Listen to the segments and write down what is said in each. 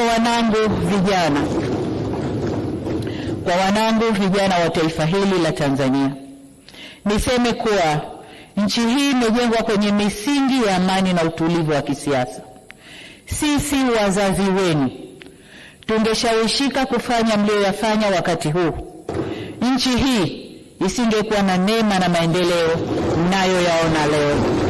kwa wanangu vijana, kwa wanangu vijana wa taifa hili la Tanzania, niseme kuwa nchi hii imejengwa kwenye misingi ya amani na utulivu wa kisiasa. Sisi wazazi wenu tungeshawishika kufanya mliyoyafanya wakati huu, nchi hii isingekuwa na neema na maendeleo mnayoyaona leo.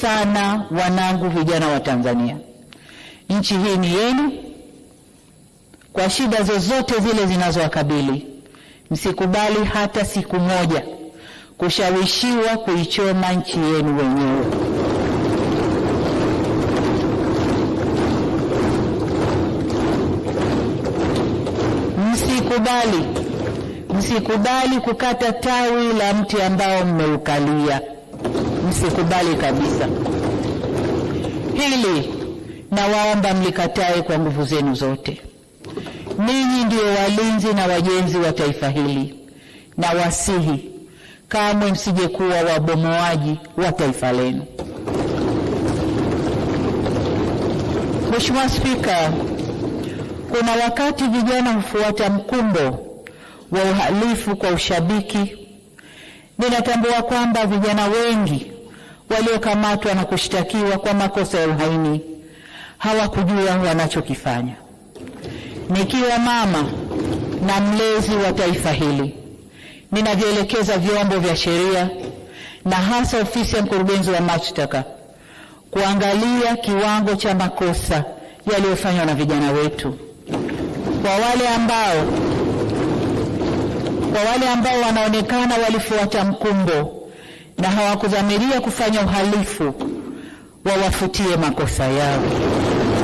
sana wanangu vijana wa Tanzania, nchi hii ni yenu. Kwa shida zozote zile zinazowakabili, msikubali hata siku moja kushawishiwa kuichoma nchi yenu wenyewe. Msikubali, msikubali kukata tawi la mti ambao mmeukalia sikubali kabisa hili, na waomba mlikatae kwa nguvu zenu zote. Ninyi ndio walinzi na wajenzi wa taifa hili, na wasihi kamwe msijekuwa wabomoaji wa taifa lenu. Mheshimiwa Spika, kuna wakati vijana hufuata mkumbo wa uhalifu kwa ushabiki. Ninatambua kwamba vijana wengi waliokamatwa na kushtakiwa kwa makosa ya uhaini hawakujua wanachokifanya. Nikiwa mama na mlezi wa taifa hili, ninavyoelekeza vyombo vya sheria na hasa ofisi ya mkurugenzi wa mashtaka kuangalia kiwango cha makosa yaliyofanywa na vijana wetu. Kwa wale ambao, kwa wale ambao wanaonekana walifuata mkumbo na hawakudhamiria kufanya uhalifu wawafutie makosa yao.